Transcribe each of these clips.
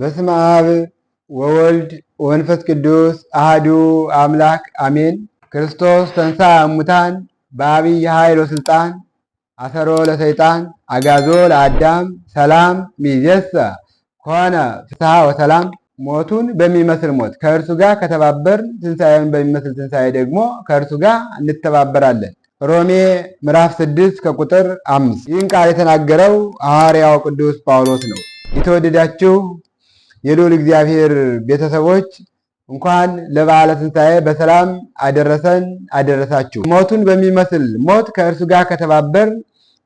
በስመ አብ ወወልድ ወንፈስ ቅዱስ አህዱ አምላክ አሜን። ክርስቶስ ተንሳ እሙታን በአብይ ኃይል ወስልጣን አሰሮ ለሰይጣን አጋዞ ለአዳም ሰላም ሚዜሰ ከሆነ ፍስሐ ወሰላም። ሞቱን በሚመስል ሞት ከእርሱ ጋር ከተባበር ትንሣኤውን በሚመስል ትንሣኤ ደግሞ ከእርሱ ጋር እንተባበራለን። ሮሜ ምዕራፍ 6 ከቁጥር 5 ይህን ቃል የተናገረው ሐዋርያው ቅዱስ ጳውሎስ ነው። የተወደዳችሁ የልዑል እግዚአብሔር ቤተሰቦች እንኳን ለበዓለ ትንሣኤ በሰላም አደረሰን አደረሳችሁ። ሞቱን በሚመስል ሞት ከእርሱ ጋር ከተባበር፣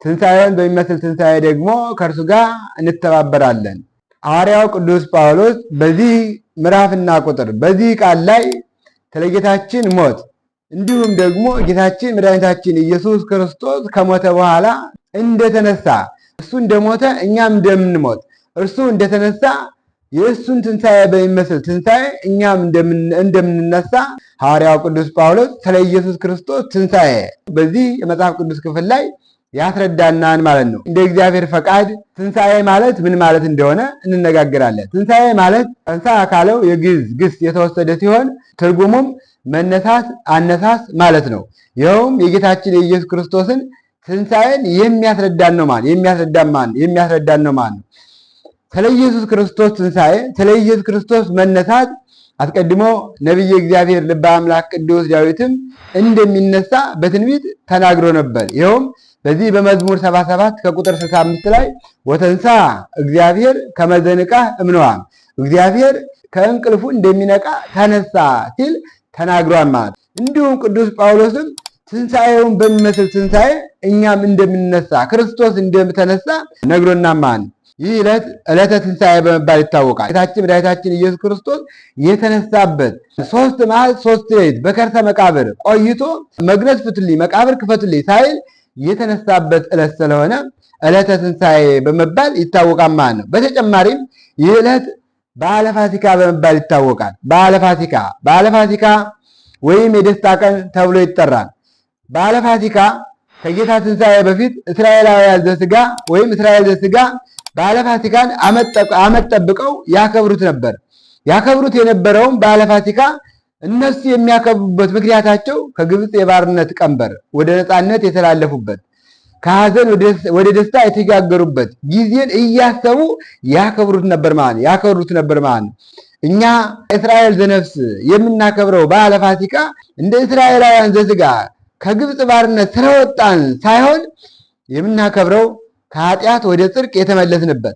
ትንሣኤውን በሚመስል ትንሣኤ ደግሞ ከእርሱ ጋር እንተባበራለን። ሐዋርያው ቅዱስ ጳውሎስ በዚህ ምዕራፍና ቁጥር በዚህ ቃል ላይ ስለ ጌታችን ሞት እንዲሁም ደግሞ ጌታችን መድኃኒታችን ኢየሱስ ክርስቶስ ከሞተ በኋላ እንደተነሳ እሱ እንደሞተ እኛም እንደምንሞት እርሱ እንደተነሳ የእሱን ትንሣኤ በሚመስል ትንሣኤ እኛም እንደምንነሳ ሐዋርያው ቅዱስ ጳውሎስ ስለ ኢየሱስ ክርስቶስ ትንሣኤ በዚህ የመጽሐፍ ቅዱስ ክፍል ላይ ያስረዳናን ማለት ነው። እንደ እግዚአብሔር ፈቃድ ትንሣኤ ማለት ምን ማለት እንደሆነ እንነጋገራለን። ትንሣኤ ማለት ተንሥአ ካለው የግዕዝ ግስ የተወሰደ ሲሆን ትርጉሙም መነሳት፣ አነሳስ ማለት ነው። ይኸውም የጌታችን የኢየሱስ ክርስቶስን ትንሣኤን የሚያስረዳን ነው ማለት የሚያስረዳን ነው ማለት ነው። ስለ ኢየሱስ ክርስቶስ ትንሣኤ፣ ስለ ኢየሱስ ክርስቶስ መነሳት አስቀድሞ ነቢየ እግዚአብሔር ልበ አምላክ ቅዱስ ዳዊትም እንደሚነሳ በትንቢት ተናግሮ ነበር። ይኸውም በዚህ በመዝሙር 77 ከቁጥር 65 ላይ ወተንሳ እግዚአብሔር ከመዘንቃ እምነዋ እግዚአብሔር ከእንቅልፉ እንደሚነቃ ተነሳ ሲል ተናግሯል ማለት። እንዲሁም ቅዱስ ጳውሎስም ትንሣኤውን በሚመስል ትንሣኤ እኛም እንደምንነሳ ክርስቶስ እንደተነሳ ነግሮና ማን ይህ ዕለት ዕለተ ትንሣኤ በመባል ይታወቃል። ጌታችን መድኃኒታችን ኢየሱስ ክርስቶስ የተነሳበት ሶስት መዓልት ሶስት ሌሊት በከርሰ መቃብር ቆይቶ መግነዝ ፍትልኝ መቃብር ክፈትልኝ ሳይል የተነሳበት ዕለት ስለሆነ ዕለተ ትንሣኤ በመባል ይታወቃል ማለት ነው። በተጨማሪም ይህ ዕለት በዓለ ፋሲካ በመባል ይታወቃል። በዓለ ፋሲካ በዓለ ፋሲካ ወይም የደስታ ቀን ተብሎ ይጠራል። በዓለ ፋሲካ ከጌታ ትንሣኤ በፊት እስራኤላውያን ዘሥጋ ወይም እስራኤል ዘሥጋ በዓለ ፋሲካን ዓመት ጠብቀው ያከብሩት ነበር። ያከብሩት የነበረውም በዓለ ፋሲካ እነሱ የሚያከብሩበት ምክንያታቸው ከግብፅ የባርነት ቀንበር ወደ ነፃነት የተላለፉበት ከሀዘን ወደ ደስታ የተሻገሩበት ጊዜን እያሰቡ ያከብሩት ነበር ማለት ያከብሩት ነበር ማለት እኛ እስራኤል ዘነፍስ የምናከብረው በዓለ ፋሲካ እንደ እስራኤላውያን ዘስጋ ከግብፅ ባርነት ስለወጣን ሳይሆን የምናከብረው ከኃጢአት ወደ ጽድቅ የተመለስንበት፣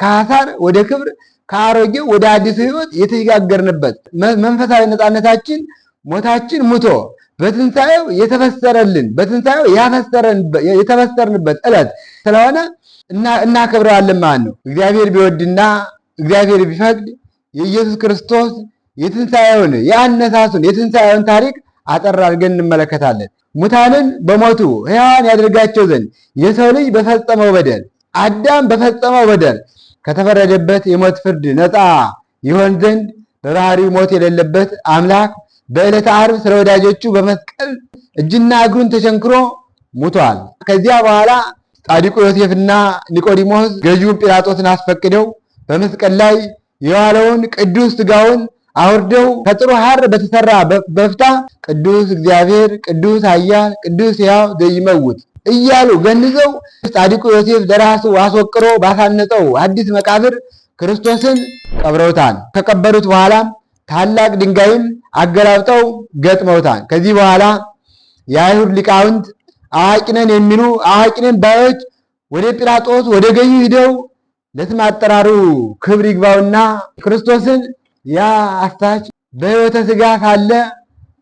ከአሳር ወደ ክብር፣ ከአሮጌው ወደ አዲሱ ህይወት የተሸጋገርንበት መንፈሳዊ ነፃነታችን ሞታችን ሙቶ በትንሣኤው የተፈሰረልን በትንሣኤው የተፈሰርንበት ዕለት ስለሆነ እናከብረዋለን ማለት ነው። እግዚአብሔር ቢወድና እግዚአብሔር ቢፈቅድ የኢየሱስ ክርስቶስ የትንሣኤውን የአነሳሱን የትንሣኤውን ታሪክ አጠር አድርገን እንመለከታለን። ሙታንን በሞቱ ሕያዋን ያደርጋቸው ዘንድ የሰው ልጅ በፈጸመው በደል አዳም በፈጸመው በደል ከተፈረደበት የሞት ፍርድ ነፃ ይሆን ዘንድ በባህሪው ሞት የሌለበት አምላክ በዕለተ ዓርብ ስለ ወዳጆቹ በመስቀል እጅና እግሩን ተቸንክሮ ሙቷል። ከዚያ በኋላ ጻድቁ ዮሴፍና ኒቆዲሞስ ገዢውን ጲላጦስን አስፈቅደው በመስቀል ላይ የዋለውን ቅዱስ ሥጋውን አውርደው ከጥሩ ሐር በተሰራ በፍታ ቅዱስ እግዚአብሔር ቅዱስ ኃያል ቅዱስ ሕያው ዘይመውት እያሉ ገንዘው ጻድቁ ዮሴፍ ደራሱ አስወቅሮ ባሳነጠው አዲስ መቃብር ክርስቶስን ቀብረውታል። ከቀበሩት በኋላ ታላቅ ድንጋይም አገላብጠው ገጥመውታል። ከዚህ በኋላ የአይሁድ ሊቃውንት አዋቂነን የሚሉ አዋቂነን ባዮች ወደ ጲላጦስ ወደ ገዢው ሂደው ለስም አጠራሩ ክብር ይግባውና ክርስቶስን ያ አስታች በሕይወተ ሥጋ ሳለ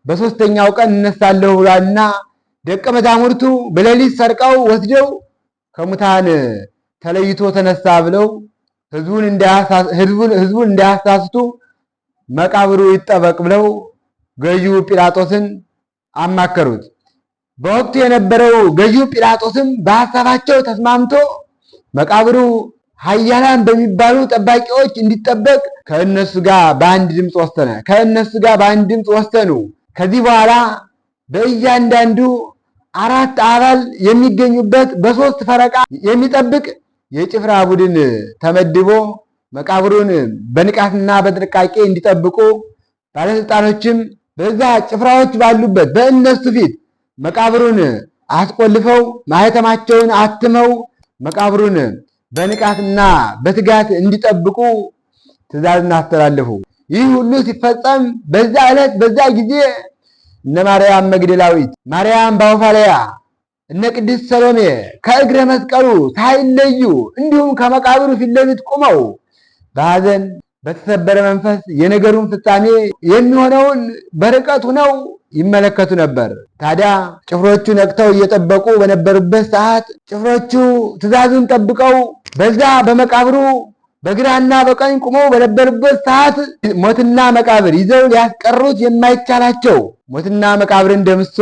በሦስተኛው ቀን እነሳለሁ ብሏልና ደቀ መዛሙርቱ በሌሊት ሰርቀው ወስደው ከሙታን ተለይቶ ተነሳ ብለው ሕዝቡን እንዳያሳስቱ መቃብሩ ይጠበቅ ብለው ገዢው ጲላጦስን አማከሩት። በወቅቱ የነበረው ገዢው ጲላጦስም በሐሳባቸው ተስማምቶ መቃብሩ ሀያላን በሚባሉ ጠባቂዎች እንዲጠበቅ ከእነሱ ጋር በአንድ ድምፅ ወሰነ። ከእነሱ ጋር በአንድ ድምፅ ወሰኑ። ከዚህ በኋላ በእያንዳንዱ አራት አባል የሚገኙበት በሶስት ፈረቃ የሚጠብቅ የጭፍራ ቡድን ተመድቦ መቃብሩን በንቃትና በጥንቃቄ እንዲጠብቁ ባለስልጣኖችም በዛ ጭፍራዎች ባሉበት በእነሱ ፊት መቃብሩን አስቆልፈው ማህተማቸውን አትመው መቃብሩን በንቃትና በትጋት እንዲጠብቁ ትእዛዝን እናስተላልፉ። ይህ ሁሉ ሲፈጸም በዛ ዕለት በዛ ጊዜ እነ ማርያም መግደላዊት፣ ማርያም ባውፋለያ፣ እነ ቅድስት ሰሎሜ ከእግረ መስቀሉ ሳይለዩ እንዲሁም ከመቃብሩ ፊት ለፊት ቆመው በሐዘን በተሰበረ መንፈስ የነገሩን ፍጻሜ የሚሆነውን በርቀት ሆነው ይመለከቱ ነበር። ታዲያ ጭፍሮቹ ነቅተው እየጠበቁ በነበሩበት ሰዓት ጭፍሮቹ ትእዛዙን ጠብቀው በዛ በመቃብሩ በግራና በቀኝ ቆመው በነበሩበት ሰዓት ሞትና መቃብር ይዘው ሊያስቀሩት የማይቻላቸው ሞትና መቃብርን ደምሶ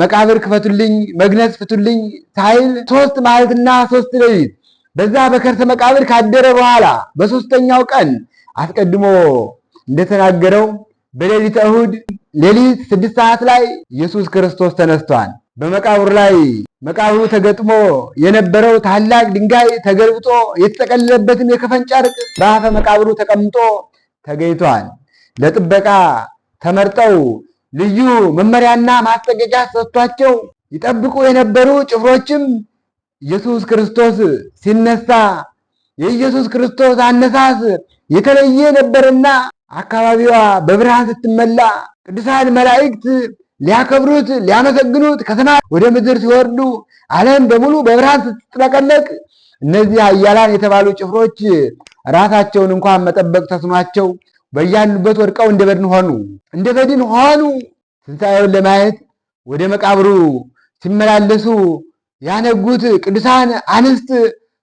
መቃብር ክፈቱልኝ፣ መግነዝ ፍቱልኝ ሳይል ሶስት ማለትና ሶስት ሌሊት በዛ በከርሰ መቃብር ካደረ በኋላ በሶስተኛው ቀን አስቀድሞ እንደተናገረው በሌሊት እሁድ ሌሊት ስድስት ሰዓት ላይ ኢየሱስ ክርስቶስ ተነስቷል። በመቃብሩ ላይ መቃብሩ ተገጥሞ የነበረው ታላቅ ድንጋይ ተገልብጦ የተጠቀለለበትም የከፈን ጨርቅ በአፈ መቃብሩ ተቀምጦ ተገኝቷል። ለጥበቃ ተመርጠው ልዩ መመሪያና ማስጠንቀቂያ ሰጥቷቸው ይጠብቁ የነበሩ ጭፍሮችም ኢየሱስ ክርስቶስ ሲነሳ የኢየሱስ ክርስቶስ አነሳስ የተለየ ነበርና አካባቢዋ በብርሃን ስትመላ ቅዱሳን መላእክት ሊያከብሩት ሊያመሰግኑት ከሰማይ ወደ ምድር ሲወርዱ ዓለም በሙሉ በብርሃን ስትጥለቀለቅ እነዚህ ኃያላን የተባሉ ጭፍሮች ራሳቸውን እንኳን መጠበቅ ተስኗቸው በያሉበት ወድቀው እንደ በድን ሆኑ። እንደ በድን ሆኑ። ትንሣኤውን ለማየት ወደ መቃብሩ ሲመላለሱ ያነጉት ቅዱሳን አንስት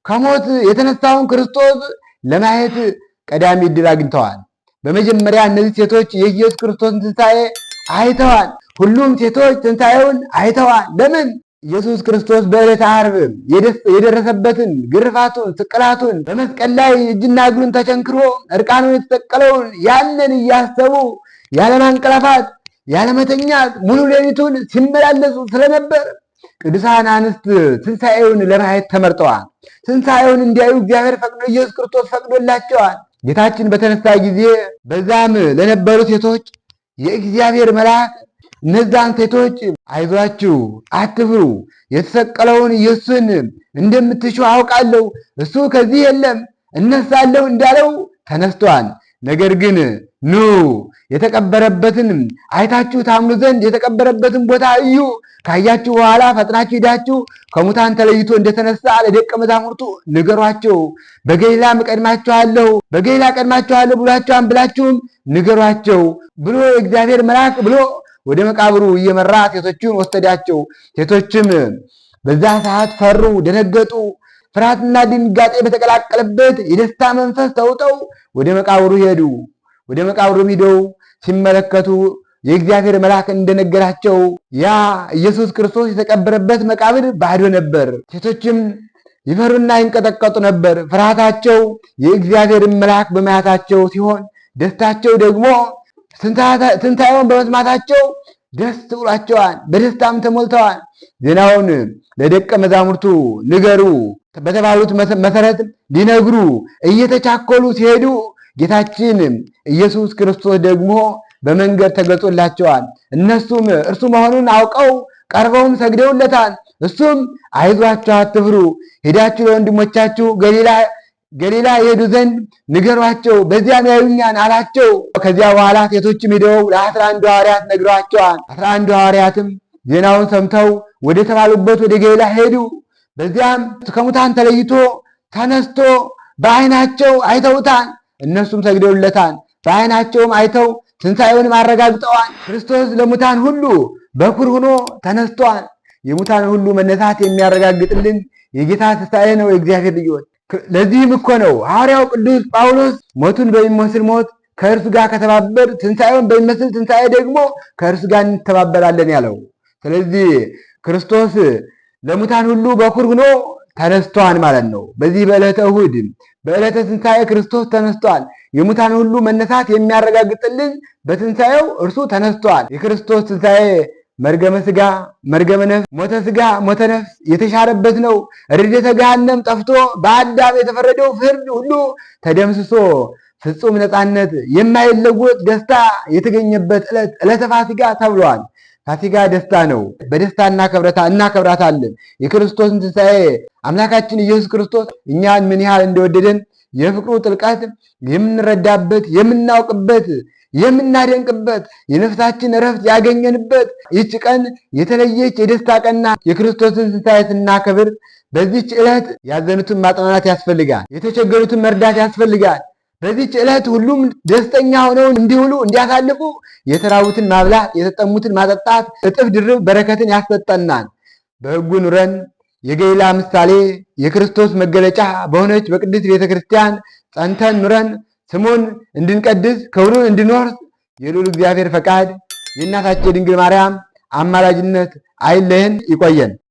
ከሞት የተነሳውን ክርስቶስ ለማየት ቀዳሚ ዕድል አግኝተዋል። በመጀመሪያ እነዚህ ሴቶች የኢየሱስ ክርስቶስን ትንሣኤ አይተዋል። ሁሉም ሴቶች ትንሣኤውን አይተዋል። ለምን? ኢየሱስ ክርስቶስ በዕለተ ዓርብ የደረሰበትን ግርፋቱን፣ ስቅላቱን በመስቀል ላይ እጅና እግሩን ተቸንክሮ እርቃኑን የተሰቀለውን ያንን እያሰቡ ያለማንቀላፋት ያለመተኛት ሙሉ ሌሊቱን ሲመላለሱ ስለነበር ቅዱሳን አንስት ትንሣኤውን ለማየት ተመርጠዋል። ትንሣኤውን እንዲያዩ እግዚአብሔር ፈቅዶ ኢየሱስ ክርስቶስ ፈቅዶላቸዋል። ጌታችን በተነሳ ጊዜ በዛም ለነበሩ ሴቶች የእግዚአብሔር መልአክ እነዛን ሴቶች አይዟችሁ፣ አትፍሩ፣ የተሰቀለውን ኢየሱስን እንደምትሹ አውቃለሁ፣ እሱ ከዚህ የለም፣ እነሳለሁ እንዳለው ተነስቷል። ነገር ግን ኑ የተቀበረበትን አይታችሁ ታምኑ ዘንድ የተቀበረበትን ቦታ እዩ። ካያችሁ በኋላ ፈጥናችሁ ሂዳችሁ ከሙታን ተለይቶ እንደተነሳ ለደቀ መዛሙርቱ ንገሯቸው። በገሊላ እቀድማችኋለሁ፣ በገሊላ እቀድማችኋለሁ ብሏችኋን ብላችሁም ንገሯቸው ብሎ እግዚአብሔር መልአክ ብሎ ወደ መቃብሩ እየመራ ሴቶቹን ወሰዳቸው። ሴቶችም በዛ ሰዓት ፈሩ፣ ደነገጡ። ፍርሃትና ድንጋጤ በተቀላቀለበት የደስታ መንፈስ ተውጠው ወደ መቃብሩ ሄዱ። ወደ መቃብሩ ሂደው ሲመለከቱ የእግዚአብሔር መልአክ እንደነገራቸው ያ ኢየሱስ ክርስቶስ የተቀበረበት መቃብር ባዶ ነበር። ሴቶችም ይፈሩና ይንቀጠቀጡ ነበር። ፍርሃታቸው የእግዚአብሔርን መልአክ በማየታቸው ሲሆን ደስታቸው ደግሞ ትንሣኤውን በመስማታቸው ደስ ብሏቸዋል። በደስታም ተሞልተዋል። ዜናውን ለደቀ መዛሙርቱ ንገሩ በተባሉት መሰረት ሊነግሩ እየተቻኮሉ ሲሄዱ ጌታችን ኢየሱስ ክርስቶስ ደግሞ በመንገድ ተገልጾላቸዋል። እነሱም እርሱ መሆኑን አውቀው ቀርበውም ሰግደውለታል። እሱም አይዟችሁ፣ አትፍሩ፣ ሄዳችሁ ለወንድሞቻችሁ ገሊላ ገሊላ የሄዱ ዘንድ ንገሯቸው፣ በዚያም ያዩኛን አላቸው። ከዚያ በኋላ ሴቶችም ሄደው ለአስራ አንዱ ሐዋርያት ነግረዋቸዋል። አስራ አንዱ ሐዋርያትም ዜናውን ሰምተው ወደ ተባሉበት ወደ ገሊላ ሄዱ። በዚያም ከሙታን ተለይቶ ተነስቶ በዓይናቸው አይተውታል፣ እነሱም ሰግደውለታል። በዓይናቸውም አይተው ትንሣኤውንም አረጋግጠዋል። ክርስቶስ ለሙታን ሁሉ በኩር ሆኖ ተነስቷል። የሙታን ሁሉ መነሳት የሚያረጋግጥልን የጌታ ትንሣኤ ነው። የእግዚአብሔር ልዩወት። ለዚህም እኮ ነው ሐዋርያው ቅዱስ ጳውሎስ ሞቱን በሚመስል ሞት ከእርሱ ጋር ከተባበር ትንሣኤውን በሚመስል ትንሣኤ ደግሞ ከእርሱ ጋር እንተባበራለን ያለው። ስለዚህ ክርስቶስ ለሙታን ሁሉ በኩር ሆኖ ተነስቷል ማለት ነው። በዚህ በዕለተ እሁድ በዕለተ ትንሣኤ ክርስቶስ ተነስቷል። የሙታን ሁሉ መነሳት የሚያረጋግጥልን በትንሣኤው እርሱ ተነስቷል። የክርስቶስ ትንሣኤ መርገመ ስጋ መርገመ ነፍስ፣ ሞተ ስጋ ሞተ ነፍስ የተሻረበት ነው። ርደተ ገሃነም ጠፍቶ በአዳም የተፈረደው ፍርድ ሁሉ ተደምስሶ ፍጹም ነፃነት፣ የማይለወጥ ደስታ የተገኘበት ዕለት ዕለተ ፋሲካ ተብሏል። ፋሲካ ደስታ ነው። በደስታ እናከብራታለን። የክርስቶስን ትንሣኤ አምላካችን ኢየሱስ ክርስቶስ እኛን ምን ያህል እንደወደደን የፍቅሩ ጥልቀት የምንረዳበት፣ የምናውቅበት፣ የምናደንቅበት የነፍሳችን እረፍት ያገኘንበት ይች ቀን የተለየች የደስታ ቀንና የክርስቶስን ትንሣኤ ስናከብር በዚች ዕለት ያዘኑትን ማጽናናት ያስፈልጋል። የተቸገሩትን መርዳት ያስፈልጋል። በዚች ዕለት ሁሉም ደስተኛ ሆነው እንዲውሉ እንዲያሳልፉ የተራቡትን ማብላት፣ የተጠሙትን ማጠጣት እጥፍ ድርብ በረከትን ያሰጠናል። በሕጉ ኑረን የገሊላ ምሳሌ የክርስቶስ መገለጫ በሆነች በቅድስት ቤተ ክርስቲያን ጸንተን ኑረን ስሙን እንድንቀድስ ክብሩን እንድንወርስ የልዑል እግዚአብሔር ፈቃድ የእናታችን ድንግል ማርያም አማላጅነት አይለየን። ይቆየን።